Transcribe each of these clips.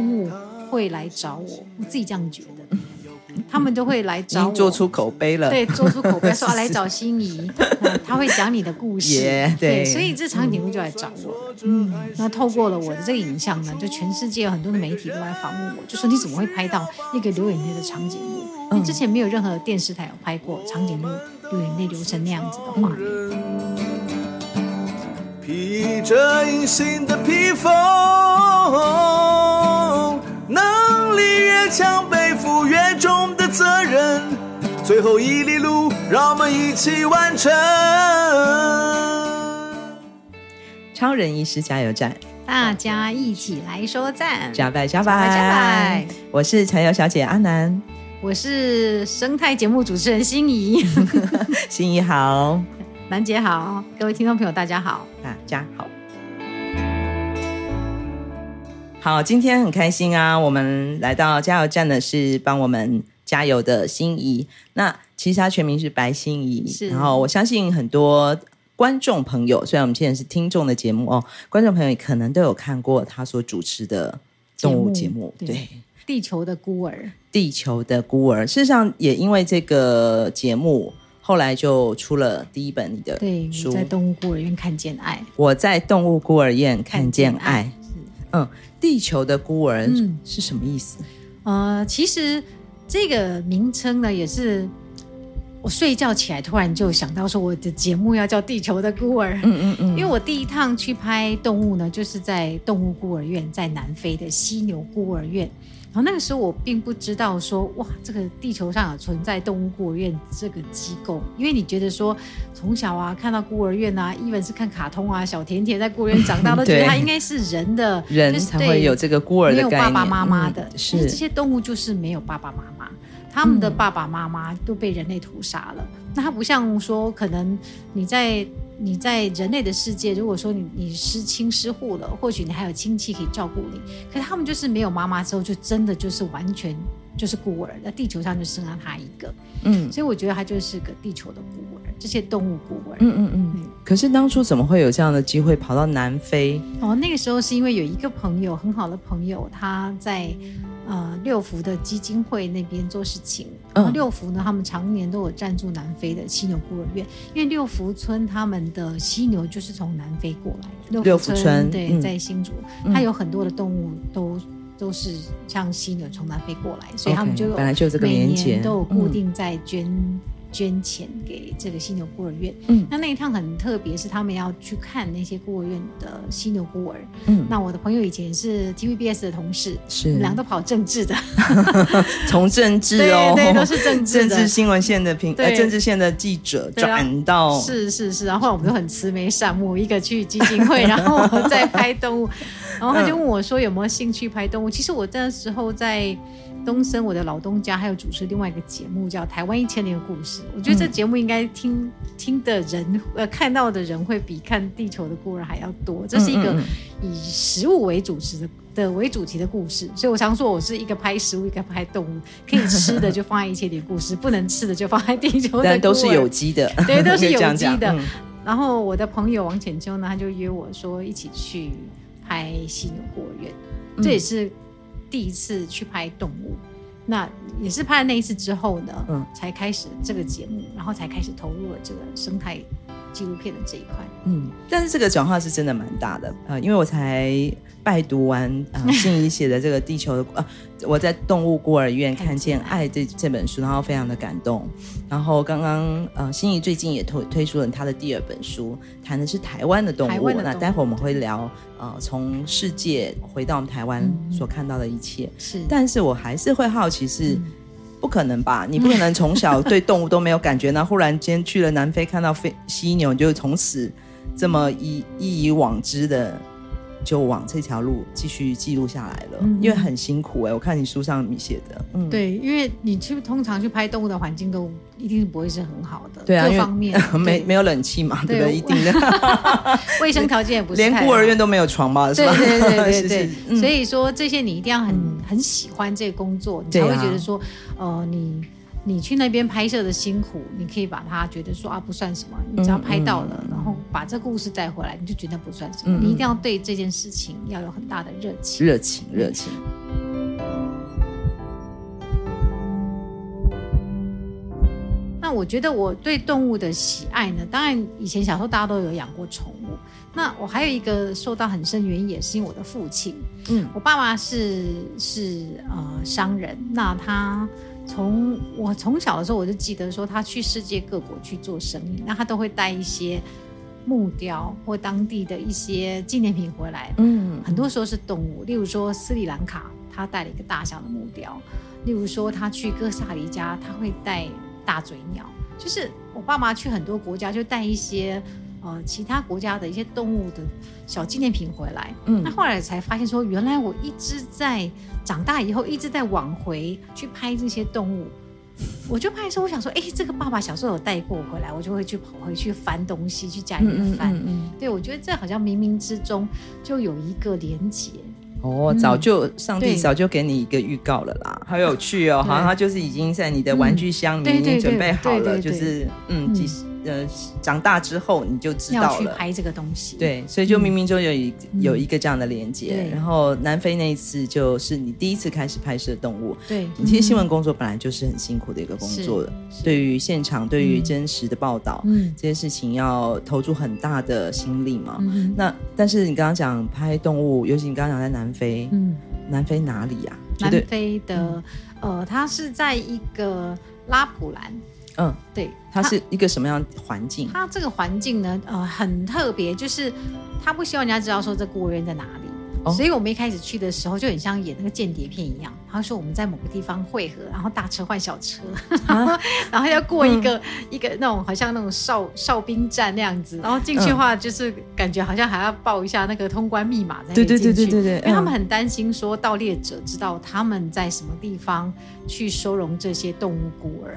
物會來找我，我自己這樣覺得，嗯、他們都會來找你做出口碑了，對，做出口碑，說來找心儀，是是他會講你的故事，yeah, 對，對，所以這長頸鹿就來找我。嗯，嗯，那透過了我的這個影像呢，就全世界很多的媒體都來訪問我，就說你怎麼會拍到那個流眼淚的長頸鹿？嗯、因為之前沒有任何電視台有拍過長頸鹿流眼淚流成那樣子的畫面。披着隱形的披風。嗯強，背負越重的責任。最後一哩路，讓我們一起完成，超人醫師加油站，大家一起來說讚。加拜，加拜，加拜，加拜。我是柴油小姐阿南，我是生態節目主持人心儀。心儀好，南姐好，各位聽眾朋友大家好。大家好。好，今天很開心啊！我們來到加油站的是幫我們加油的心儀，那其實他全名是白心儀，是然後我相信很多觀眾朋友，雖然我們現在是聽眾的節目哦，觀眾朋友可能都有看過她所主持的動物節目，節目對，地球的孤兒，地球的孤兒，事實上也因為這個節目，後來就出了第一本你的書《在動物孤兒院看見愛》，我在動物孤兒院看見愛，嗯。地球的孤兒是什麼意思？嗯、呃，其實這個名稱呢，也是我睡覺起來突然就想到說，我的節目要叫地球的孤兒。嗯嗯嗯，因為我第一趟去拍動物呢，就是在動物孤兒院，在南非的犀牛孤兒院。然後、哦、那個時候我並不知道說，哇，這個地球上有存在動物孤兒院這個機構，因為你覺得說從小啊看到孤兒院啊，一般是看卡通啊，小甜甜在孤兒院長大，都覺得它應該是人的，人、嗯、才會有這個孤兒沒有爸爸媽媽的，嗯、是，是這些動物就是沒有爸爸媽媽，他們的爸爸媽媽都被人類屠殺了，嗯、那它不像說可能你在。你在人類的世界，如果說你你失親失怙了，或許你還有親戚可以照顧你，可是他們就是沒有媽媽之後，就真的就是完全就是孤兒。那地球上就剩下他一個，嗯，所以我覺得他就是個地球的孤兒，這些動物孤兒，嗯嗯嗯。嗯，可是當初怎麼會有這樣的機會跑到南非？哦，那個時候是因為有一個朋友，很好的朋友，他在呃六福的基金會那邊做事情。然後、哦、六福呢，他們常年都有贊助南非的犀牛孤兒院，因為六福村他們的犀牛就是從南非過來的。六福村，六福村，對，嗯、在新竹，嗯、它有很多的動物都都是像犀牛從南非過來，所以他們就每年都有固定在捐、嗯。捐捐錢給這個犀牛孤兒院，嗯，那那一趟很特別，是他們要去看那些孤兒院的犀牛孤兒，嗯，那我的朋友以前是 TVBS 的同事，是，兩個都跑政治的，從 政治哦，對，對，對，都是政治，政治新聞線的評，對呃政治線的記者轉到、啊，是是是、啊，然後我們都很慈眉善目，嗯、一個去基金會，然後我們在拍動物。 然後他就問我說：“有沒有興趣拍動物？”其實我那時候在東森，我的老東家，還有主持另外一個節目叫《台灣一千年的故事》。我覺得這節目應該聽聽的人，呃，看到的人會比看《地球的孤兒》還要多。這是一個以食物為主持的的為主題的故事，所以我常說我是一個拍食物，一個拍動物，可以吃的就放在一千年的故事，不能吃的就放在地球的。但都是有機的，對，都是有機的。然後我的朋友王淺秋呢，他就約我說一起去。拍犀牛孤兒院，這也是第一次去拍動物。那也是拍了那一次之後呢，嗯、才開始這個節目，嗯、然後才開始投入了這個生態紀錄片的這一塊。嗯，但是這個轉化是真的蠻大的呃，因為我才。拜讀完呃心儀寫的這個地球的 呃，我在動物孤兒院看見愛，這這本書，然後非常的感動。然後剛剛呃心儀，最近也推推出了她的第二本書，談的是台灣的動物。動物那待會我們會聊對呃從世界回到我們台灣所看到的一切。是，但是我還是會好奇是，不可能吧？你不可能從小對動物都沒有感覺，那 忽然間去了南非看到非犀牛，就從此這麼一、嗯、一以往之的。就往這條路繼續記錄下來了，因為很辛苦哎。我看你書上你寫的，嗯，對，因為你去通常去拍動物的環境都一定是不會是很好的，對啊，各方面沒沒有冷氣嘛，對不對？一定的衛生條件也不是，連孤兒院都沒有床吧，是吧？對對對，所以說這些你一定要很很喜歡這個工作，你才會覺得說，呃，你你去那邊拍攝的辛苦，你可以把它覺得說啊不算什麼，你只要拍到了。把這故事帶回來，你就覺得不算什麼。嗯嗯，你一定要對這件事情要有很大的熱情，熱情，熱情。那我覺得我對動物的喜愛呢，當然以前小時候大家都有養過寵物。那我還有一個受到很深原因，也是因為我的父親。嗯，我爸爸是是呃商人。那他從我從小的時候，我就記得說，他去世界各國去做生意，那他都會帶一些。木雕或當地的一些紀念品回來，嗯，很多時候是動物。例如說斯里蘭卡，他帶了一個大象的木雕；例如說他去哥斯大黎加，他會帶大嘴鳥。就是我爸媽去很多國家，就帶一些呃其他國家的一些動物的小紀念品回來。嗯，那後來才發現說，原來我一直在長大以後一直在往回去拍這些動物。我就怕說，我想說，誒、欸，這個爸爸小時候有帶過我回來，我就會去跑回去翻東西，去家裡面翻。嗯，嗯，嗯，嗯，對我覺得這好像冥冥之中就有一個連接。哦，嗯、早就上帝早就給你一個預告了啦，好對有趣哦，好像他就是已經在你的玩具箱裡面準備好了，對對對對就是嗯，其實、嗯。呃，長大之後你就知道了。拍這個東西，對，所以就明明就有一有一個這樣的連接。然後南非那一次就是你第一次開始拍攝動物，對。其實新聞工作本來就是很辛苦的一個工作，對於現場，對於真實的報道，嗯，這些事情要投注很大的心力嘛。那但是你剛剛講拍動物，尤其你剛剛講在南非，嗯，南非哪裡呀？南非的，呃，它是在一個拉普蘭。嗯，對，它是一個什麼樣的環境？它這個環境呢，呃，很特別，就是他不希望人家知道說這孤兒院在哪裡，哦、所以我們一開始去的時候就很像演那個間諜片一樣。他說我們在某個地方會合，然後大車換小車，啊、然後要過一個、嗯、一個那種好像那種哨哨兵站那樣子，然後進去的話就是感覺好像還要報一下那個通關密碼才能進去、嗯。對對對對對，對，對，因為他們很擔心說盜獵者知道他們在什麼地方去收容這些動物孤兒。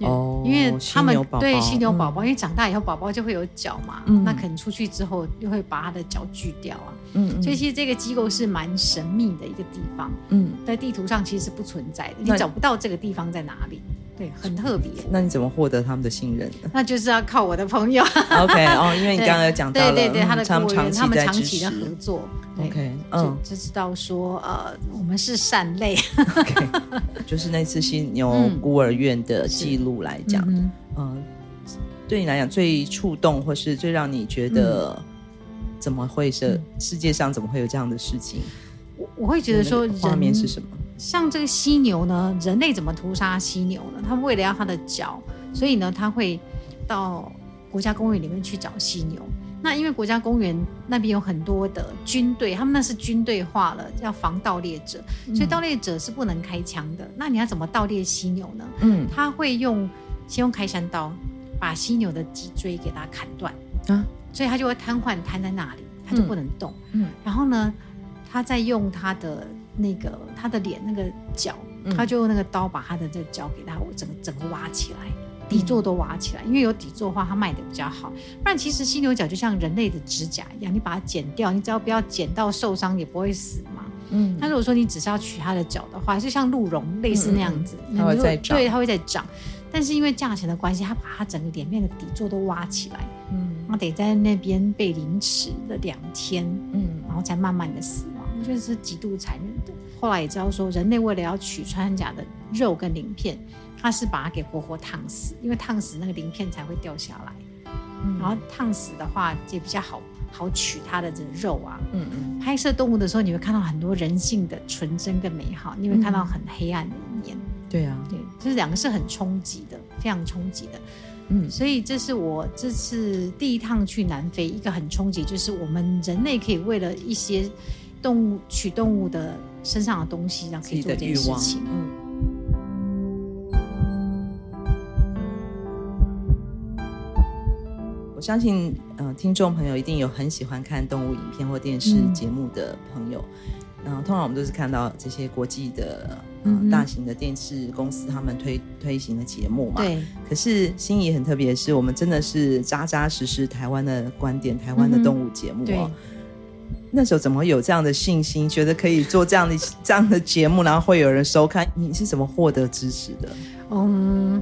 嗯、因為他們對犀牛寶寶，寶寶嗯、因為長大以後寶寶就會有角嘛，嗯、那可能出去之後又會把他的角鋸掉啊。嗯，所以其實這個機構是蠻神秘的一個地方。嗯，在地圖上其實是不存在的，對你找不到這個地方在哪裡。對，很特別。那你怎麼獲得他們的信任呢？那就是要靠我的朋友。 OK，哦、oh,，因為你剛剛有講到了他的長，長期在、他們一起的合作。OK，嗯、um,，就知道說，呃，我們是善類。 OK，就是那次犀牛孤兒院的記錄來講，嗯，嗯，嗯，嗯，對你來講最觸動，或是最讓你覺得，怎麼會世、嗯、世界上怎麼會有這樣的事情？我我會覺得說，畫面是什麼？像這個犀牛呢，人類怎麼屠殺犀牛呢？他們為了要他的角，所以呢，他會到國家公園裡面去找犀牛。那因為國家公園那邊有很多的軍隊，他們那是軍隊化了，要防盜獵者，所以盜獵者是不能開槍的。那你要怎麼盜獵犀牛呢？嗯，他會用先用開山刀把犀牛的脊椎給它砍斷啊，所以他就會癱瘓癱在那裡，他就不能動。嗯，嗯然後呢，他再用他的。那個他的臉那個角，嗯、他就用那個刀把他的這個角給他，我整個整個挖起來，底座都挖起來，嗯、因為有底座的話他賣的比較好。不然其實犀牛角就像人類的指甲一樣，你把它剪掉，你只要不要剪到受傷也不會死嘛。嗯。但如果說你只是要取他的角的話，還是像鹿茸類似那樣子，嗯、就會它會再長，對，它會再長。但是因為價錢的關係，他把他整個臉面的底座都挖起來，嗯，然後得在那邊被凌遲了兩天，嗯，然後才慢慢的死亡，就是極度殘忍的。後來也知道說，人類為了要取穿山甲的肉跟鱗片，他是把它給活活燙死，因為燙死那個鱗片才會掉下來。嗯、然後燙死的話，就比較好好取它的這個肉啊。嗯嗯。拍攝動物的時候，你會看到很多人性的純真跟美好，你會看到很黑暗的一面，嗯。對啊。對，就是兩個是很衝擊的，非常衝擊的。嗯，所以這是我這次第一趟去南非，一個很衝擊就是我們人類可以為了一些動物取動物的。身上的東西，這樣可以自己的慾望。嗯、我相信，嗯、呃，聽眾朋友一定有很喜歡看動物影片或電視節目的朋友。嗯、然後通常我們都是看到這些國際的、呃、大型的電視公司他們推嗯嗯，推行的節目嘛。對可是心儀很特別，是我們真的是扎扎實實台灣的觀點，台灣的動物節目、哦嗯嗯那時候怎麼會有這樣的信心，覺得可以做這樣的 這樣的節目，然後會有人收看？你是怎麼獲得支持的？嗯，um,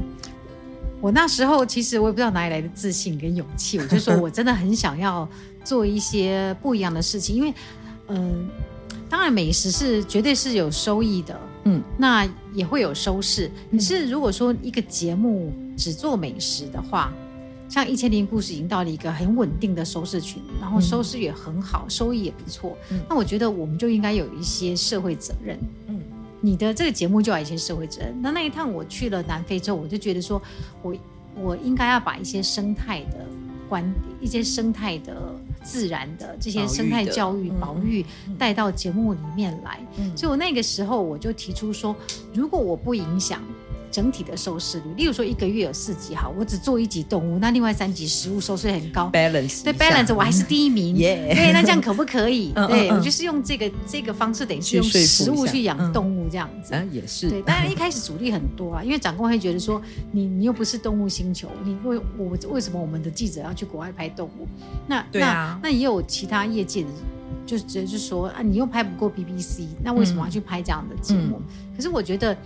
我那時候其實我也不知道哪裡來的自信跟勇氣，我就是說我真的很想要做一些不一樣的事情， 因為，嗯、呃，當然美食是絕對是有收益的，嗯，那也會有收視。可是如果說一個節目只做美食的話。像《一千零故事》已經到了一個很穩定的收視群，然後收視也很好，嗯、收益也不錯。那、嗯、我覺得我們就應該有一些社會責任。嗯，你的這個節目就有一些社會責任。那那一趟我去了南非之後，我就覺得說我，我我應該要把一些生態的觀點、一些生態的、自然的這些生態教育、保育帶、嗯、到節目裡面來。嗯、所以我那個時候我就提出說，如果我不影響。整體的收視率，例如說一個月有四集，哈，我只做一集動物，那另外三集食物收視很高，balance，對 balance 我還是第一名，嗯 yeah、對，那這樣可不可以？嗯嗯、對，我就是用這個這個方式，等於是用食物去養動物這樣子，嗯啊、也是，對，當然一開始阻力很多啊，因為長官會覺得說，嗯、你你又不是動物星球，你為我，我為什麼我們的記者要去國外拍動物？那對、啊、那那也有其他業界的，就只是說啊，你又拍不過 BBC，那為什麼要去拍這樣的節目？嗯嗯、可是我覺得。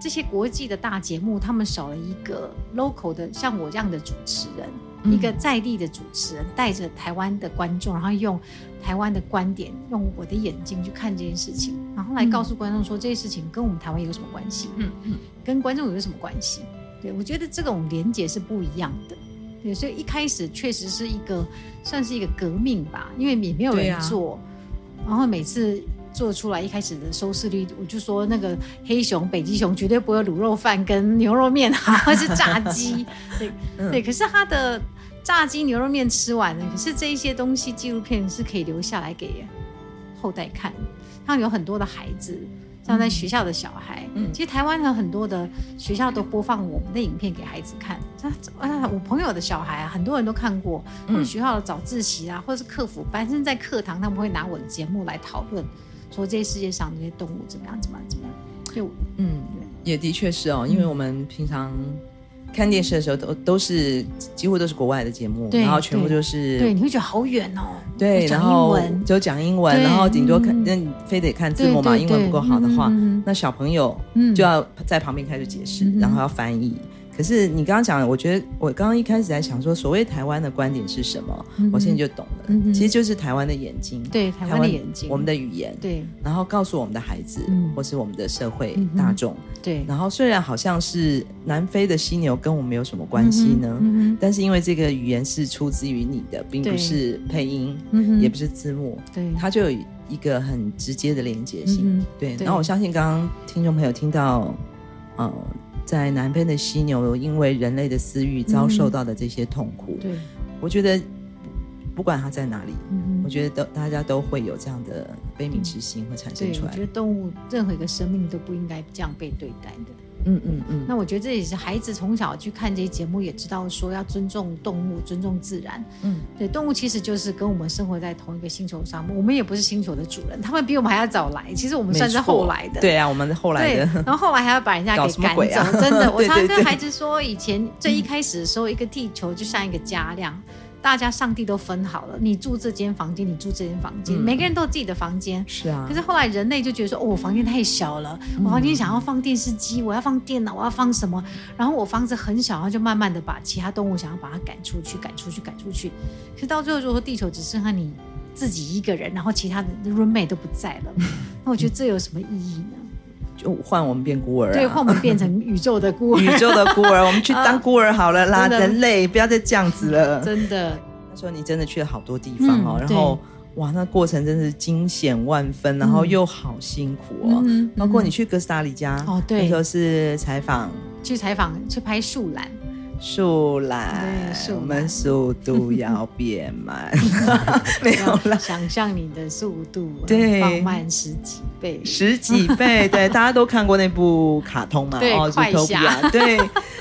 這些國際的大節目，他們少了一個 local 的，像我這樣的主持人，嗯、一個在地的主持人，帶着台灣的觀眾，然後用台灣的觀點，用我的眼睛去看這件事情，然後來告訴觀眾說、嗯、這些事情跟我們台灣有什麼關係？嗯嗯，嗯跟觀眾有什麼關係？對，我覺得這種連結是不一樣的。對，所以一開始確實是一個算是一個革命吧，因為也沒有人做，啊、然後每次。做出來一開始的收視率，我就說那個黑熊、北極熊絕對不會有滷肉飯跟牛肉麵、啊，或 是炸雞。 對，嗯、對，可是他的炸雞牛肉麵吃完了，可是這一些東西紀錄片是可以留下來給後代看的。像有很多的孩子，像在學校的小孩，嗯，其實台灣有很多的學校都播放我們的影片給孩子看。啊、嗯，我朋友的小孩、啊、很多人都看過，或者學校的早自習啊，嗯、或者是課輔班，甚至在課堂他們會拿我的節目來討論。說這世界上的那些動物怎麼樣，怎麼樣，怎麼樣？就嗯，也的確是哦，因為我們平常看電視的時候都，都都是幾乎都是國外的節目，對然後全部就是對，你會覺得好遠哦。對，然後就講英文，對然後頂多看，那、嗯、非得看字幕嘛，英文不夠好的話，嗯、那小朋友就要在旁邊開始解釋，嗯、然後要翻譯。可是你剛剛講的，我覺得我剛剛一開始在想說，所謂台灣的觀點是什麼？我現在就懂了。其實就是台灣的眼睛，對，台灣的眼睛，我們的語言，對，然後告訴我們的孩子或是我們的社會大眾，對。然後雖然好像是南非的犀牛跟我們有什麼關係呢？但是因為這個語言是出自於你的，並不是配音，也不是字幕，對，它就有一個很直接的連接性。對，然後我相信剛剛聽眾朋友聽到，呃。在南非的犀牛，因為人類的私慾遭受到的這些痛苦，嗯、對，我覺得不管它在哪裡，嗯、我覺得都大家都會有這樣的悲憫之心會產生出來對。我覺得動物任何一個生命都不應該這樣被對待的。嗯嗯嗯，嗯嗯，那我覺得這也是孩子從小去看這些節目，也知道說要尊重動物、尊重自然。嗯，對，動物其實就是跟我們生活在同一個星球上，我們也不是星球的主人，他們比我們還要早來，其實我們算是後來的。對啊，我們後來的對。然後後來還要把人家給趕走，啊、 真的。我常跟孩子說，以前最一開始的時候，一個地球就像一個家一樣。嗯大家上帝都分好了，你住這間房間，你住這間房間，嗯、每個人都有自己的房間。是啊，可是後來人類就覺得說，哦，我房間太小了，我房間想要放電視機，嗯、我要放電腦，我要放什麼？然後我房子很小，然後就慢慢的把其他動物想要把它趕出去，趕出去，趕出去。可是到最後，如果說地球只剩下你自己一個人，然後其他的 roommate 都不在了，嗯、那我覺得這有什麼意義呢？就換我們變孤兒了、啊，對，換我們變成宇宙的孤兒， 宇宙的孤兒，我們去當孤兒好了啦！人類、啊、不要再這樣子了。真的，他說你真的去了好多地方哦，嗯、然後對哇，那過程真是驚險萬分，然後又好辛苦哦。包括、嗯嗯嗯、你去哥斯達黎加哦，對、嗯，那時候是採訪，去採訪，去拍樹懶。樹懶！我們速度要變慢，沒有啦。想象你的速度放慢十幾倍，十幾倍。對，大家都看過那部卡通嗎？對，快俠。對，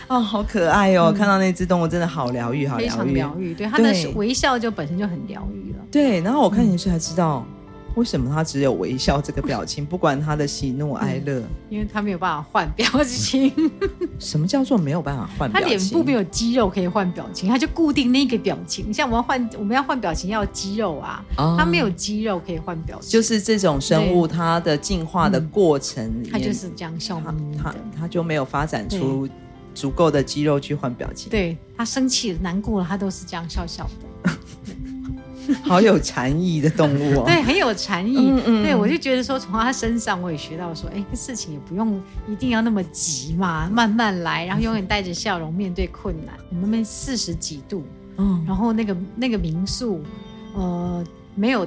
哦，好可愛哦！看到那隻動物真的好療癒，好療癒，療癒。對，他的微笑就本身就很療癒了。對，然後我看進去才知道。為什麼他只有微笑這個表情？ 不管他的喜怒哀樂，嗯，因為他沒有辦法換表情。 什麼叫做沒有辦法換表情？他臉部沒有肌肉可以換表情，他就固定那個表情。像我們要換，我們要換表情要肌肉啊，啊他沒有肌肉可以換表情。就是這種生物，它的進化的過程，嗯、他就是這樣笑眯他，他，他就沒有發展出足夠的肌肉去換表情。對，他生氣、難過了，他都是這樣笑笑的。 好有禪意的動物哦， 對，很有禪意。 對，我就覺得說，從他身上我也學到說，哎，這事情也不用一定要那麼急嘛，慢慢來，然後永遠帶着笑容面對困難。我們那邊四十幾度，嗯，然後那個那個民宿，呃，沒有，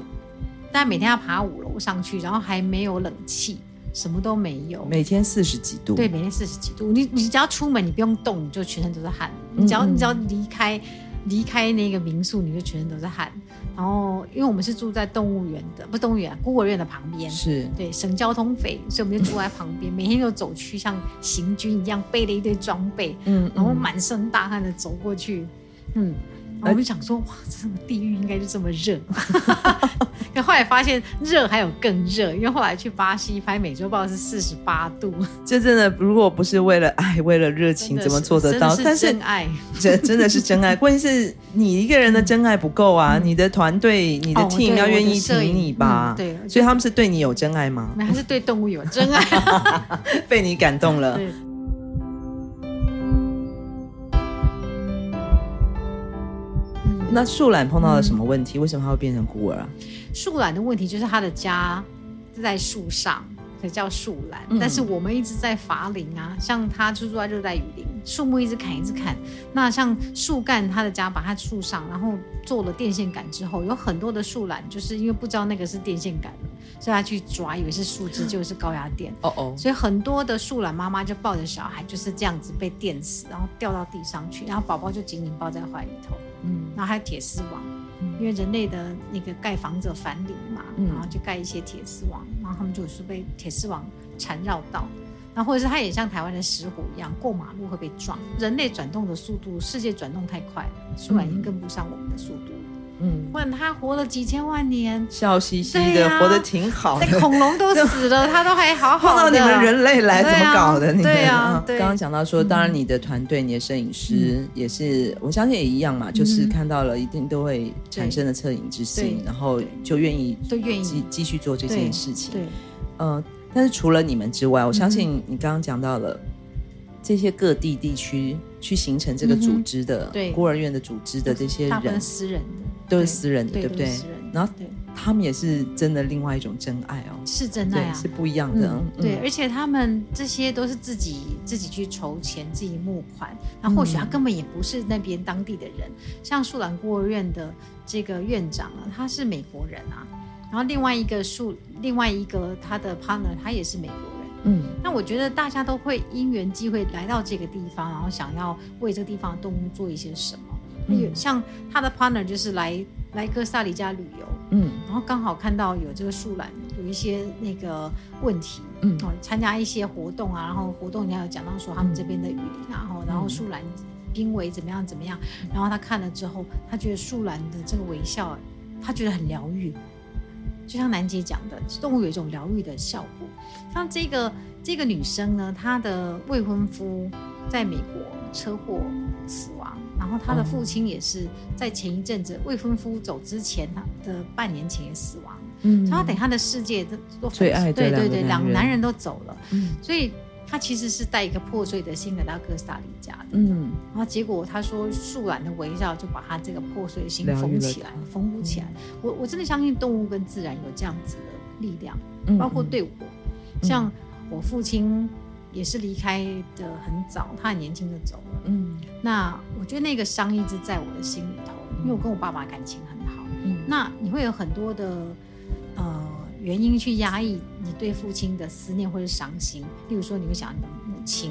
大家每天要爬五樓上去，然後還沒有冷氣，什麼都沒有。每天四十幾度，對，每天四十幾度。你你只要出門，你不用動，你就全身都是汗。你只要你只要離開離開那個民宿，你就全身都是汗。然後，因為我們是住在動物園的，不，動物園孤兒院的旁邊，是，對，省交通費，所以我們就住在旁邊，嗯、每天就走去像行軍一樣，背了一堆裝備，嗯，然後滿身大汗的走過去，嗯。嗯啊、我們就想說，哇，這麼地獄應該就這麼熱， 可後來發現熱還有更熱，因為後來去巴西拍美洲豹是四十八度，這真的，如果不是為了愛，為了熱情怎麼做得到？但是，是真愛，是真愛這真的是真愛。關鍵是你一個人的真愛不夠啊、嗯，你團隊，你的團隊，你的 team 要願意挺你吧？哦、對，嗯、對，所以他們是對你有真愛嗎？那、嗯、還是對動物有真愛， 被你感動了。那樹懶碰到了什麼問題？嗯，為什麼它會變成孤兒啊？樹懶的問題就是它的家在樹上。叫樹懶，嗯、但是我們一直在伐林啊，像他住住在熱帶雨林，樹木一直砍，一直砍，那像樹幹他的家，把它樹上，然後做了電線桿之後，有很多的樹懶，就是因為不知道那個是電線桿，所以他去抓，以為是樹枝，就是高壓電，哦哦，所以很多的樹懶媽媽就抱着小孩，就是這樣子被電死，然後掉到地上去，然後寶寶就緊緊抱在懷裡頭，嗯，然後還有鐵絲網。因為人類的那個蓋房子反理嘛，嗯、然後就蓋一些鐵絲網，然後他們就是被鐵絲網纏繞到，那或者是他也像台灣的石虎一樣過馬路會被撞。人類轉動的速度，世界轉動太快了，樹懶已經跟不上我們的速度。嗯嗯，問他活了幾千萬年，笑嘻嘻的，活得挺好。那恐龍都死了，他都還好好的。碰到你們人類來，怎麼搞的？對啊，剛剛講到說，當然你的團隊，你的攝影師也是，我相信也一樣嘛，就是看到了一定都會產生的惻隱之心，然後就願意都願意繼繼續做這件事情。對，呃，但是除了你們之外，我相信你剛剛講到了。這些各地地區去形成這個組織的、嗯、對，孤兒院的組織的這些人，就是、大部分私人都是私人的對對對，都是私人的，對不後對？然後他們也是真的另外一種真愛哦，是真愛啊對，是不一樣的。嗯嗯、對，而且他們這些都是自己自己去籌錢自己募款，那或許他根本也不是那邊當地的人。嗯、像樹懶孤兒院的這個院長啊，他是美國人啊，然後另外一個樹另外一個他的 partner，他也是美國人。嗯，那我覺得大家都會因緣機會來到這個地方，然後想要為這個地方的動物做一些什麼。有、嗯、像他的 partner 就是來來哥斯大黎加旅遊，嗯，然後剛好看到有這個樹懶有一些那個問題，嗯，哦，參加一些活動啊，然後活動人家有講到說他們這邊的雨林啊，然後、嗯、然後樹懶瀕危怎麼樣怎麼樣，然後他看了之後，他覺得樹懶的這個微笑，他覺得很療癒。就像南姐講的，動物有一種療癒的效果。像這個這個女生呢，她的未婚夫在美國車禍死亡，然後她的父親也是在前一陣子、哦、未婚夫走之前，她的半年前也死亡。嗯，嗯，所以她等她的世界都很最愛對對對，兩個男人都走了，嗯、所以。他其實是帶一個破碎的心來到哥斯大黎加的，嗯，然後結果他說樹懶的微笑就把他這個破碎的心縫起來，縫不起來。嗯、我我真的相信動物跟自然有這樣子的力量，包括對我，嗯、像我父親也是離開的很早，嗯、他很年輕就走了，嗯，那我覺得那個傷一直在我的心裡頭，嗯、因為我跟我爸爸感情很好，嗯，那你會有很多的，呃。原因去壓抑你對父親的思念或者傷心，例如說你會想你的母親，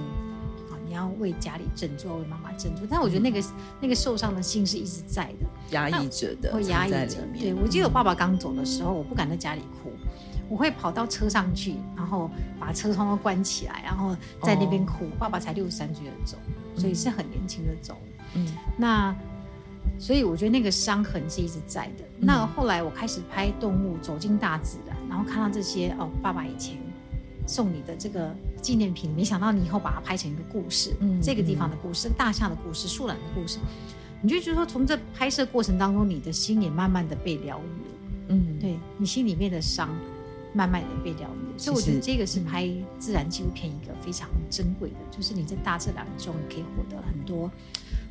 啊，你要為家裡振作，為媽媽振作。但我覺得那個、嗯、那個受傷的心是一直在的，壓抑着的，會壓抑着面。對，我記得我爸爸剛走的時候，嗯、我不敢在家裡哭，我會跑到車上去，然後把車窗都關起來，然後在那邊哭。哦、爸爸才六十三歲就走，嗯、所以是很年輕的走。嗯，那所以我覺得那個傷痕是一直在的。嗯、那後來我開始拍動物，走進大自然。然後看到這些哦，爸爸以前送你的這個紀念品，沒想到你以後把它拍成一個故事，嗯，這個地方的故事，嗯、大象的故事，樹懶的故事，你就覺得說從這拍攝過程當中，你的心也慢慢的被療癒，嗯，對你心裡面的傷慢慢的被療癒，其實，所以我覺得這個是拍自然紀錄片一個非常珍貴的，嗯、就是你在大自然中你可以獲得很多，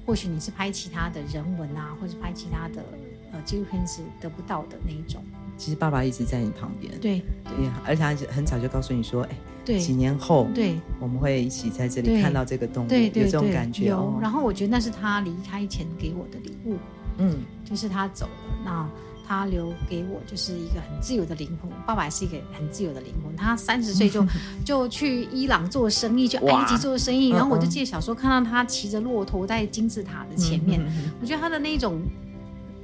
或許你是拍其他的人文啊，或者拍其他的、呃、紀錄片是得不到的那一種。其實爸爸一直在你旁邊，對，對，而且他很早就告訴你說，哎，對幾年後，對，我們會一起在這裡看到這個動物，對對對，有這種感覺，哦，然後我覺得那是他離開前給我的禮物，嗯，就是他走了，那他留給我就是一個很自由的靈魂。爸爸也是一個很自由的靈魂，他三十歲就，嗯、哼就去伊朗做生意，去埃及做生意，哇然後我就記得小時候看到他騎着駱駝在金字塔的前面，嗯、哼哼我覺得他的那種。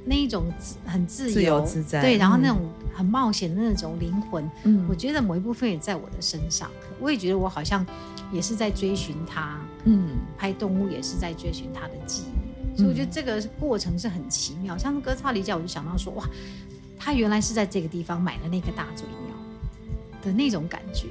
那一種很自由，自由自在，對，然後那種很冒險的那種靈魂，嗯，我覺得某一部分也在我的身上，我也覺得我好像也是在追尋他，嗯，拍動物也是在追尋他的記憶，嗯、所以我覺得這個過程是很奇妙。嗯、像哥斯大黎加，我就想到說，哇，他原來是在這個地方買了那個大嘴鳥的那種感覺。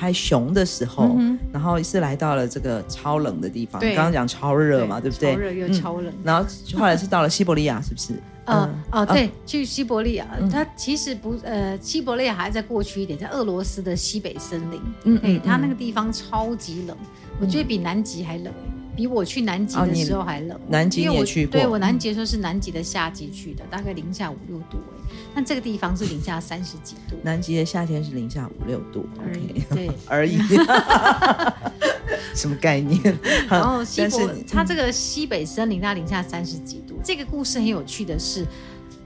拍熊的時候，然後是來到了這個超冷的地方。你剛剛講超熱嘛，對不對？超熱又超冷。然後後來是到了西伯利亞，是不是？呃，哦，對，去西伯利亞，它其實不，呃，西伯利亞還在過去一點，在俄羅斯的西北森林。嗯嗯，哎，它那個地方超級冷，我覺得比南極還冷。比我去南極的時候還冷。南極也去過。對，我南極的時候，是南極的夏季去的，大概零下五六度哎。但這個地方是零下三十幾度。南極的夏天是零下五六度，OK，對，而已。什麼概念？然後西北，它這個西北森林它零下三十幾度。這個故事很有趣的是，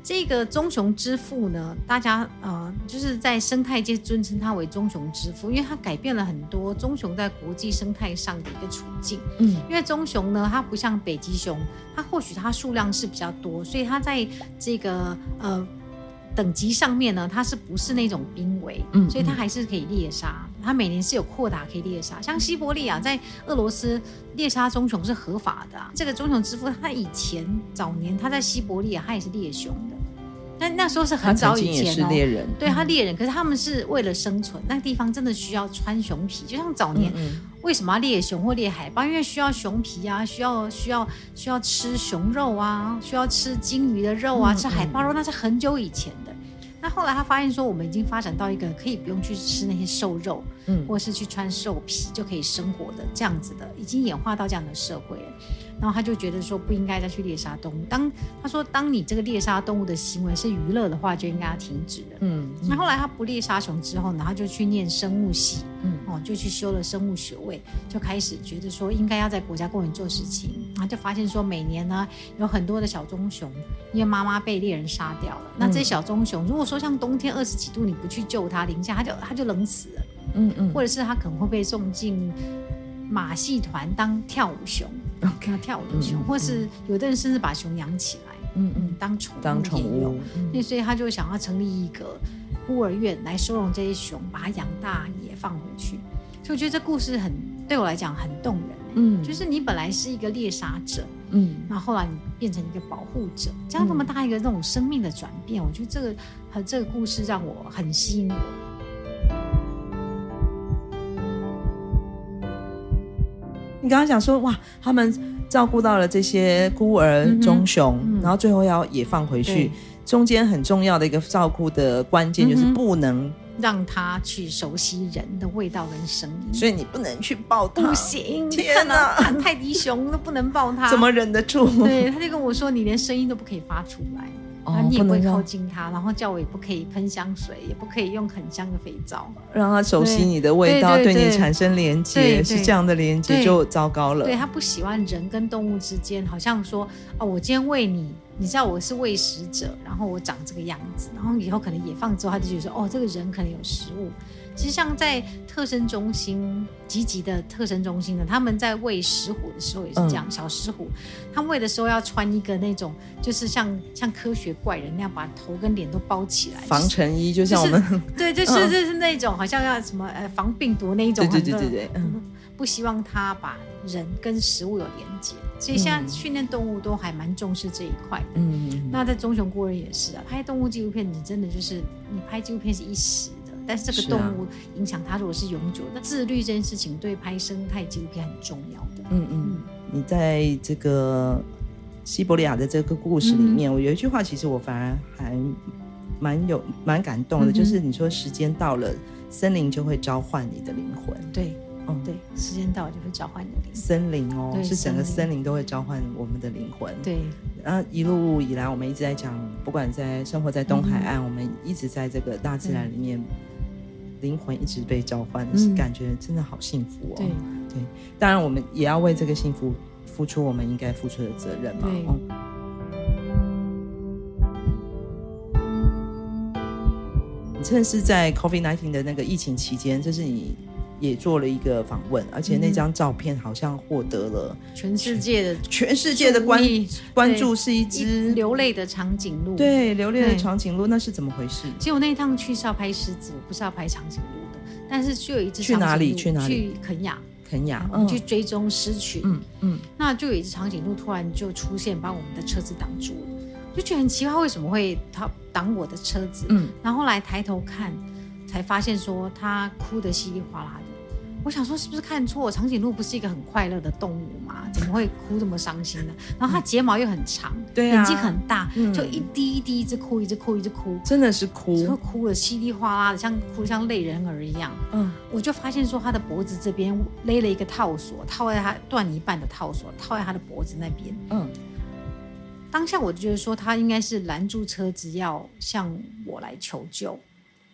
這個棕熊之父呢，大家呃，就是在生態界尊稱他為棕熊之父，因為他改變了很多棕熊在國際生態上的一個處境。嗯，因為棕熊呢，它不像北極熊，它或許它數量是比較多，所以它在這個呃等級上面呢，它是不是那種瀕危？嗯，所以它還是可以獵殺，它每年是有擴大可以獵殺。像西伯利亞在俄羅斯獵殺棕熊是合法的。這個棕熊之父，他以前早年他在西伯利亞，他也是獵熊。那那時候是很早以前喔，獵人，對，他獵人，可是他們是為了生存，嗯、那個地方真的需要穿熊皮，就像早年嗯嗯為什麼獵熊或獵海豹，因為需要熊皮啊，需要需要需要吃熊肉啊，需要吃鯨魚的肉啊，嗯嗯吃海豹肉，那是很久以前的。嗯嗯那後來他發現說，我們已經發展到一個可以不用去吃那些獸肉，嗯，或是去穿獸皮就可以生活的這樣子的，已經演化到這樣的社會了。然後他就覺得說不應該再去獵殺動物。當他說，當你這個獵殺動物的行為是娛樂的話，就應該要停止了。嗯。那、嗯、後來他不獵殺熊之後呢，他就去念生物系，嗯，哦，就去修了生物學位，就開始覺得說應該要在國家公園做事情。然後、嗯、就發現說，每年呢有很多的小棕熊，因為媽媽被獵人殺掉了。嗯、那這些小棕熊，如果說像冬天二十幾度，你不去救它，零下它就它就冷死了。嗯嗯。嗯或者是它可能會被送進馬戲團當跳舞熊。他 Okay. 跳舞的熊，嗯、或是有的人甚至把熊養起來，嗯嗯，當寵當寵物。那所，所以他就想要成立一個孤兒院來收容這些熊，把它養大也放回去。所以我覺得這故事很對我來講很動人，欸，嗯，就是你本來是一個獵殺者，嗯，那後，後來你變成一個保護者，這樣這麼大一個這種生命的轉變，嗯，我覺得這個和這個故事讓我很吸引我。你剛剛講說，哇，他們照顧到了這些孤兒棕熊，嗯哼，然後最後要也放回去，嗯、哼中間很重要的一個照顧的關鍵就是不能，嗯、讓他去熟悉人的味道跟聲音，所以你不能去抱他，不行，天哪，哪 泰迪熊都不能抱他，怎麼忍得住？對，他就跟我說，你連聲音都不可以發出來。哦、你也不能靠近它，然後叫我也不可以噴香水，也不可以用很香的肥皂，讓它熟悉你的味道，對你產生連接，對對對，是這樣的連接就糟糕了。對，對，對他不喜歡人跟動物之間，好像說哦，我今天餵你，你知道我是餵食者，然後我長這個樣子，然後以後可能野放之後，他就覺得說哦，這個人可能有食物。其實像在特生中心，集集的特生中心呢，他們在餵石虎的時候也是這樣。嗯、小石虎，他們餵的時候要穿一個那種，就是像像科學怪人那樣把頭跟臉都包起來，防塵衣，就像我們、就是、對，就是、嗯、就是那種好像要什麼呃防病毒那一種，對對對對、對、對、嗯、不希望他把人跟食物有連接。所以現在訓練動物都還蠻重視這一塊的。嗯，對那在棕熊孤兒也是啊，拍動物紀錄片，你真的就是你拍紀錄片是一時。但是這個動物影響它，如果是永久，那自律這件事情對拍生態紀錄片很重要的。嗯嗯，你在這個西伯利亞的這個故事裡面，我有一句話，其實我反而還蠻有蠻感動的，就是你說時間到了，森林就會召喚你的靈魂。對哦，對，時間到了就會召喚你的靈魂。森林哦，是整個森林都會召喚我們的靈魂。對，然後一路以來，我們一直在講，不管在生活在東海岸，我們一直在這個大自然裡面。靈魂一直被召喚，感覺真的好幸福哦！嗯、對,對，當然我們也要為這個幸福付出我們應該付出的責任嘛。你真對、哦、是在 COVID-19 的那個疫情期間，就是。你。也做了一個訪問，而且那張照片好像獲得了、嗯、全世界的全世界的關注關注，是一只一流淚的長頸鹿。對，流淚的長頸鹿，嗯、那是怎麼回事？結果那一趟去是要拍獅子，不是要拍長頸鹿的。但是就有一只長頸鹿去哪裡去哪裡去肯亞肯亞，嗯、去追蹤獅群。嗯嗯，嗯那就有一只長頸鹿突然就出現，把我們的車子擋住了，我就覺得很奇怪，為什麼會他擋我的車子？嗯，然後來抬頭看，才發現說他哭得稀里嘩啦的。我想說，是不是看錯？長頸鹿不是一個很快樂的動物嗎？怎麼會哭這麼傷心呢？然後它睫毛又很長，眼睛，嗯、很大，啊嗯、就一滴一滴一直哭，一直哭，一直哭，真的是哭，就哭的稀里嘩啦的，像哭像淚人兒一樣。嗯，我就發現說，他的脖子這邊勒了一個套索，套在它斷一半的套索套在它的脖子那邊。嗯，當下我就覺得說，他應該是攔住車子要向我來求救。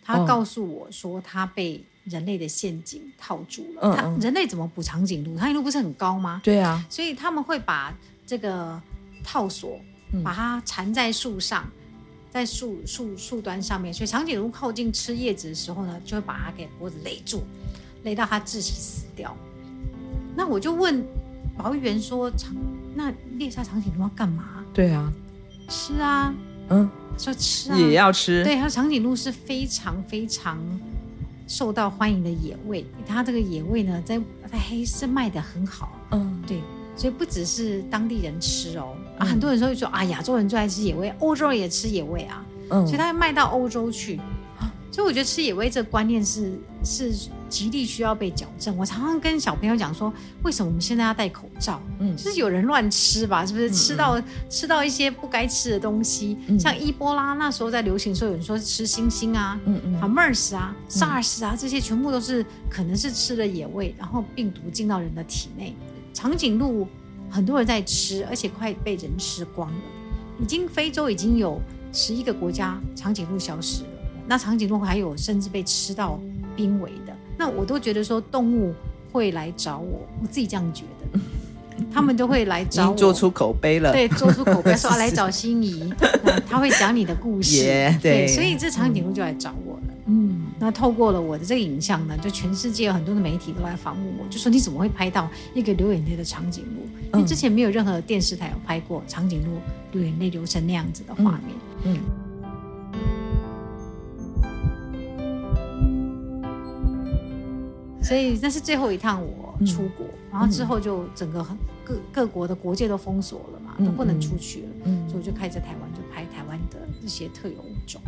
他告訴我說，他被、嗯。人類的陷阱套住了嗯嗯他人類怎麼捕？長頸鹿？長頸鹿不是很高嗎？對啊，所以他們會把這個套索、嗯、把它纏在樹上，在樹樹樹端上面。所以長頸鹿靠近吃葉子的時候呢，就會把它給脖子勒住，勒到它自己死掉。那我就問保育員說：“長那獵殺長頸鹿要幹嘛？”對啊，吃啊，嗯，說吃啊，也要吃。對，他說長頸鹿是非常非常。受到歡迎的野味，它這個野味呢，在在黑市賣得很好，嗯，對，所以不只是當地人吃哦，嗯、啊，很多人說就說啊，亞洲人最愛吃野味，歐洲人也吃野味啊，嗯，所以它賣到歐洲去。所以我覺得吃野味這個觀念是是極力需要被矯正。我常常跟小朋友講說，為什麼我們現在要戴口罩？嗯，就是有人亂吃吧，是不是、嗯、吃到、嗯、吃到一些不該吃的東西？嗯、像伊波拉那時候在流行的時候，有人說吃猩猩啊，啊 mers 啊，SARS 啊，這些全部都是可能是吃了野味，然後病毒進到人的體內。長頸鹿很多人在吃，而且快被人吃光了。已經非洲已經有十一個國家長頸鹿消失。那長頸鹿還有甚至被吃到瀕危的，那我都覺得說動物會來找我，我自己這樣覺得，他們都會來找、嗯、你，做出口碑了，對，做出口碑說啊來找心儀，是是他會講你的故事，yeah, 對,對，所以這長頸鹿就來找我了。嗯,嗯，那透過了我的這個影像呢，就全世界有很多的媒體都來訪問我，就說你怎麼會拍到一個流眼淚的長頸鹿？因為之前沒有任何電視台有拍過長頸鹿流眼淚流成那樣子的畫面，嗯。嗯所以那是最後一趟我出國，嗯、然後之後就整個各各國的國界都封鎖了嘛，嗯、都不能出去了，嗯、所以我就開始在台灣就拍台灣的一些特有物種。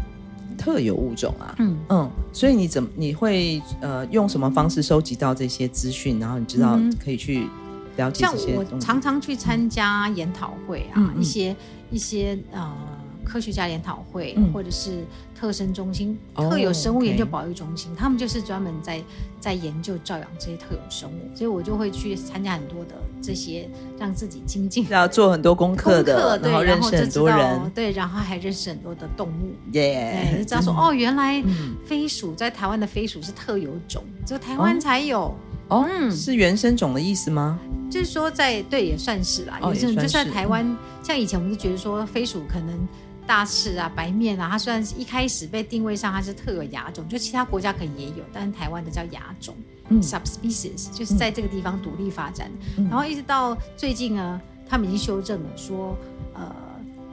特有物種啊，嗯嗯，所以你怎麼你會呃用什麼方式收集到這些資訊？然後你知道可以去了解些。像我常常去參加研討會啊，嗯、一些一些呃。科學家研討會，或者是特生中心、特有生物研究保育中心，他們就是專門在在研究、照養這些特有生物，所以我就會去參加很多的這些，讓自己精進，要做很多功課的，對，然後認識很多人，對，然後還認識很多的動物，耶，你知道說哦，原來飛鼠在台灣的飛鼠是特有種，只有台灣才有，哦，是原生種的意思嗎？就是說，在對也算是啦，也是，就算台灣，像以前我們就覺得說飛鼠可能。大赤啊，白面啊，它雖然是一開始被定位上，它是特有亞種，就其他國家可能也有，但是台灣的叫亞種，嗯，subspecies，就是在這個地方獨立發展。嗯，然後一直到最近呢，他們已經修正了，說，呃。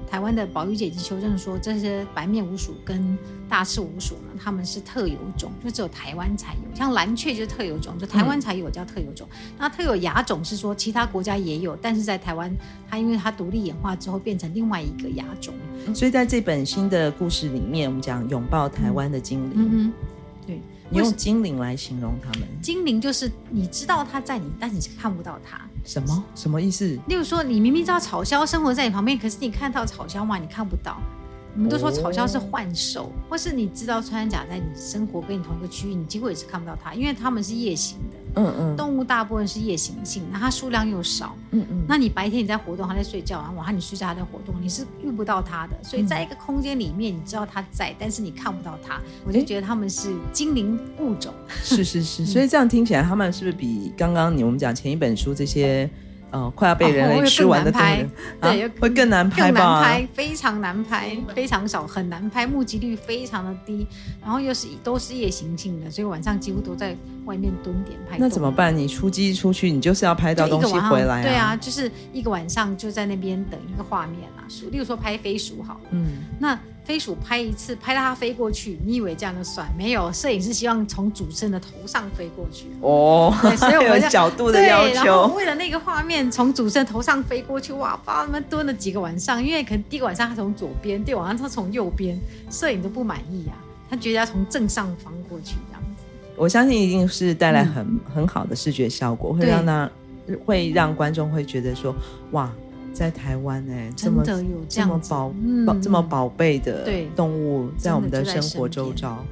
台灣的保育姐姐求證說，這些白面鼯鼠跟大赤鼯鼠呢，他們是特有種，就只有台灣才有。像藍鵲就是特有種，就台灣才有，叫特有種。嗯、那特有亞種是說其他國家也有，但是在台灣，它因為它獨立演化之後變成另外一個亞種，嗯。所以在這本新的故事裡面，我們講擁抱台灣的精靈，嗯。嗯，嗯對。你用精靈來形容他們，精靈就是你知道他在你，但是你是看不到他。什麼什麼意思？例如說，你明明知道草鴞生活在你旁邊，可是你看到草鴞嗎？你看不到。我們都說草鴞是幻獸，哦、或是你知道穿山甲在你生活跟你同一個區域，你幾乎也是看不到它，因為它們是夜行的。嗯嗯，嗯動物大部分是夜行性，那它數量又少。嗯嗯，嗯那你白天你在活動，它在睡覺；然後晚上你睡覺，它在活動，你是遇不到它的。所以，在一個空間裡面，你知道它在，嗯、但是你看不到它，我就覺得它們是精靈物種。誒 是是是，所以這樣聽起來，它們是不是比剛剛你我們講前一本書這些？嗯嗯、哦，快要被人類、啊、吃完的拍，對，會更難拍吧更難拍？非常難拍，非常少，很難拍，目擊率非常的低。然後又是都是夜行性的，所以晚上幾乎都在外面蹲點拍蹲點。那怎麼辦？你出機出去，你就是要拍到東西回來、啊對。對啊，就是一個晚上就在那邊等一個畫面啊。例如說拍飛鼠好了，嗯，那。飛鼠拍一次，拍到它飛過去。你以為這樣就算沒有？攝影師希望從主持人的頭上飛過去。哦，所以我們有角度的要求。為了那個畫面，從主持人的頭上飛過去，哇！幫他們蹲了幾個晚上，因為可能第一個晚上他從左邊，第二個晚上他從右邊，攝影都不滿意啊。他覺得要從正上方過去這樣子。我相信一定是帶來很、嗯、很好的視覺效果，會讓那對會讓觀眾會覺得說，哇。在台灣呢，這麼這麼寶寶這麼寶貝的動物，在我們的生活周遭，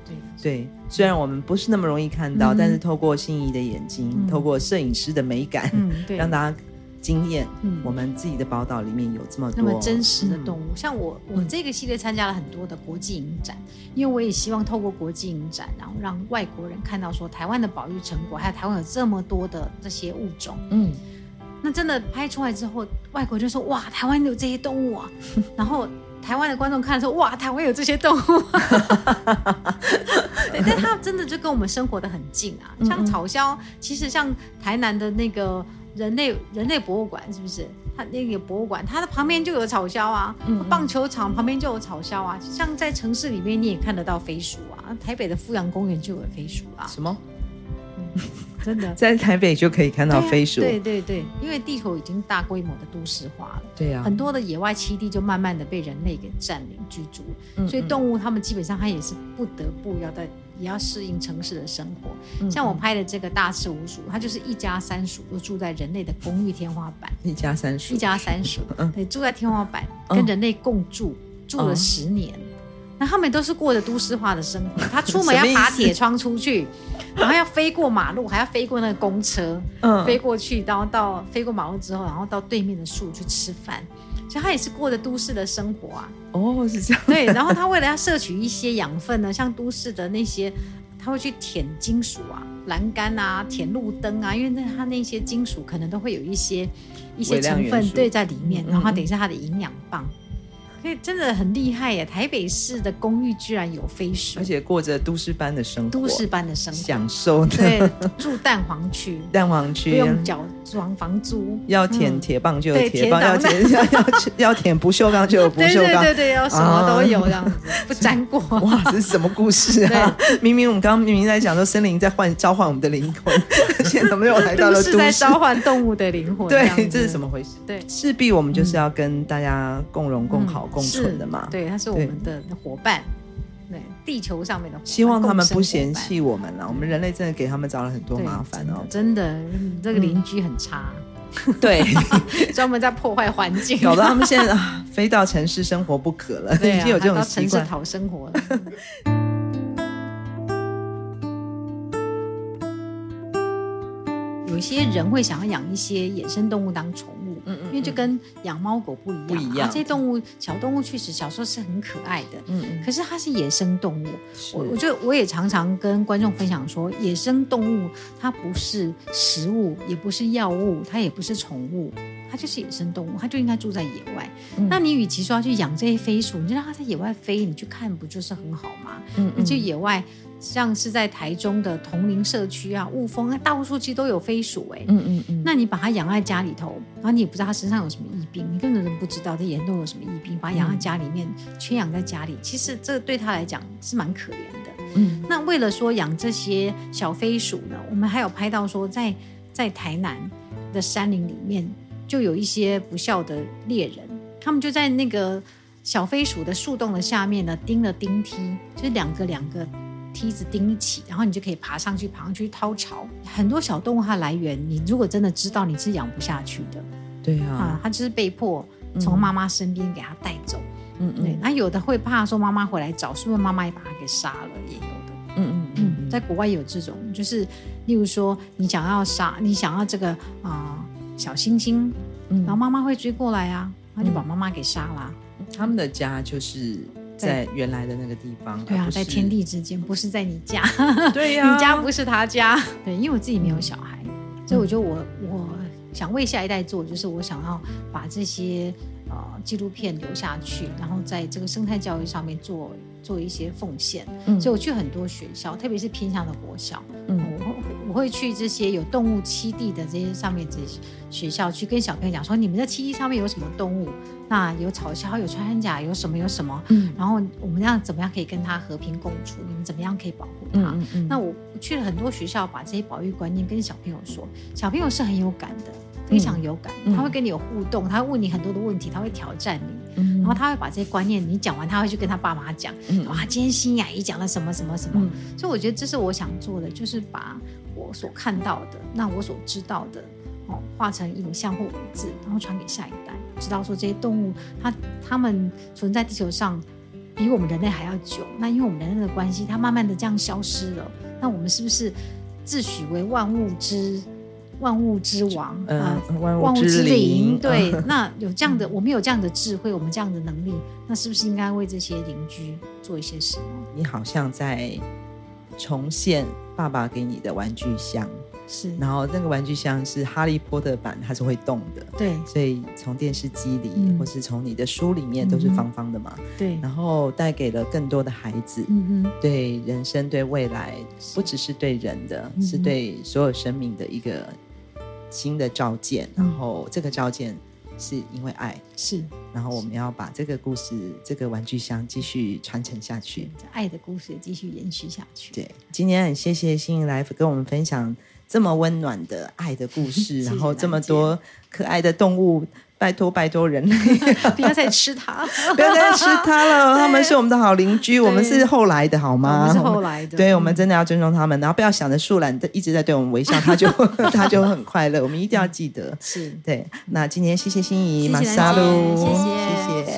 對，雖然我們不是那麼容易看到，但是透過心儀的眼睛，透過攝影師的美感，讓大家驚艷。我們自己的寶島裡面有這麼多那麼真實的動物，像我，我這個系列參加了很多的國際影展，因為我也希望透過國際影展，然後讓外國人看到說台灣的保育成果，還有台灣有這麼多的這些物種，嗯。那真的拍出來之後，外國就說哇，台灣有這些動物啊。然後台灣的觀眾看說：「哇，台灣有這些動物啊。 對，但它真的就跟我們生活得很近啊。像草鴞其實像台南的那個人類人類博物館，是不是？它那個博物館，它的旁邊就有草鴞啊。棒球場旁邊就有草鴞啊。像在城市裡面，你也看得到飛鼠啊。台北的富陽公園就有飛鼠啊。什麼？ 真的，在台北就可以看到飛鼠。對啊。對對對，因為地球已經大規模的都市化了，對啊，很多的野外棲地就慢慢的被人類給佔領居住，嗯嗯所以動物它們基本上它也是不得不要在也要適應城市的生活。嗯嗯像我拍的這個大赤鼯鼠，它就是一家三鼠，都住在人類的公寓天花板， 一家三鼠，一家三鼠，嗯嗯對，住在天花板跟人類共住，嗯、住了十年。嗯那他們都是過着都市化的生活，他出門要爬鐵窗出去，然後要飛過馬路，還要飛過那個公車，嗯，飛過去，然後到飛過馬路之後，然後到對面的樹去吃飯，所以他也是過着都市的生活啊。哦，是這樣。對，然後他為了要攝取一些養分呢，像都市的那些，他會去舔金屬啊、欄杆啊、舔路燈啊，因為那他那些金屬可能都會有一些一些成分對在裡面，然後他等一下他的營養棒。嗯真的很厲害耶！台北市的公寓居然有飛鼠，而且過着都市般的生活，都市般的生活，享受對，住蛋黃區，蛋黃區不用繳房房租，要舔鐵棒就有鐵棒，要舔要要舔不鏽鋼就有不鏽鋼，對對對對，要什麼都有這樣子，不粘鍋哇！這是什麼故事啊？明明我們剛剛明明在講說森林在喚召喚我們的靈魂，現在怎麼又來到了都市，都市在召喚動物的靈魂？對，這是什麼回事？對，勢必我們就是要跟大家共榮共好。是的嘛，對，他是我們的夥伴，對，地球上面的夥伴。希望他們不嫌棄我們了，我們人類真的給他們找了很多麻煩哦，真的，這個鄰居很差，對，專門在破壞環境，搞得他們現在啊，非到城市生活不可了，已經有這種城市討生活了。有些人會想要養一些野生動物當寵物。因為就跟養貓狗不一樣，啊，一樣這些動物小動物確實小時候是很可愛的，嗯，嗯，可是它是野生動物，是我我就我也常常跟觀眾分享說，野生動物它不是食物，也不是藥物，它也不是寵物。它就是野生動物，它就應該住在野外。嗯、那你與其說要去養這些飛鼠，你就讓它在野外飛，你去看不就是很好嗎？嗯，嗯，那就野外，像是在台中的桐林社區啊、霧峰，到處其實都有飛鼠哎、欸。嗯嗯嗯。那你把它養在家裡頭，然後你也不知道它身上有什麼疫病，你根本都不知道它野生有什麼疫病，把它養在家裡面圈養、嗯、在家裡，其實這對它來講是蠻可憐的。嗯，嗯。那為了說養這些小飛鼠呢，我們還有拍到說在在台南的山林裡面。就有一些不孝的獵人，他們就在那個小飛鼠的樹洞的下面呢，釘了釘梯，就是兩個兩個梯子釘一起，然後你就可以爬上去，爬上去掏巢。很多小動物它的來源，你如果真的知道，你是養不下去的。對啊，它、啊、他就是被迫從媽媽身邊給他帶走嗯。嗯嗯。對，那有的會怕說媽媽回來找，是不是媽媽也把他給殺了？也有的。嗯嗯嗯，嗯。在國外有這種，就是例如說，你想要殺，你想要這個啊。呃小星星，然後、嗯、媽媽會追過來然、啊、後、嗯、就把媽媽給殺了、啊。他們的家就是在原來的那個地方對，對啊，在天地之間，不是在你家，對呀、啊， 你家不是他家。對，因為我自己沒有小孩，嗯、所以我覺得我我想為下一代做，就是我想要把這些呃紀錄片留下去，嗯、然後在這個生態教育上面做做一些奉獻。嗯、所以我去很多學校，特別是偏鄉的國小，嗯。會去這些有動物棲地的這些上面這學校去跟小朋友講說，你們在棲地上面有什麼動物？那有草鴞，有穿山甲，有什麼有什麼？嗯，然後我們要怎麼樣可以跟他和平共處？你們怎麼樣可以保護他？嗯嗯、那我去了很多學校，把這些保育觀念跟小朋友說，小朋友是很有感的，嗯、非常有感，嗯、他會跟你有互動，他會問你很多的問題，他會挑戰你，嗯、然後他會把這些觀念你講完，他會去跟他爸媽講，哇、嗯，今天心儀阿姨講了什麼什麼什麼，嗯、所以我覺得這是我想做的，就是把。我所看到的，那我所知道的，哦，化成影像或文字，然後傳給下一代，知道說這些動物，它它們存在地球上比我們人類還要久。那因為我們人類的關係，它慢慢的這樣消失了。那我們是不是自詡為萬物之萬物之王、呃、萬物之靈啊？萬物之靈對。嗯、那有這樣的，我們有這樣的智慧，我們這樣的能力，那是不是應該為這些鄰居做一些什麼？你好像在。重現爸爸給你的玩具箱，是，然後那個玩具箱是哈利波特版，它是會動的，對，所以從電視機裡、嗯、或是從你的書裡面都是方方的嘛，嗯、對，然後帶給了更多的孩子，嗯嗯哼，對人生對未來，不只是對人的是，是對所有生命的一個新的照見，嗯、然後這個照見。是因為愛是，然後我們要把這個故事、這個玩具箱繼續傳承下去，愛的故事繼續延續下去。對，今天很謝謝心儀來跟我們分享這麼溫暖的愛的故事，是然後這麼多可愛的動物。拜託，拜託人類， 不要再吃它， 不要再吃它了。他們是我們的好鄰居，我們是後來的，好嗎？我們後來的，對我們真的要尊重他們。然後不要想着樹懶一直在對我們微笑，他就他就很快樂。我們一定要記得，是對。那今天謝謝心儀、馬沙露，謝謝。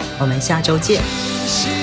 我們下周見。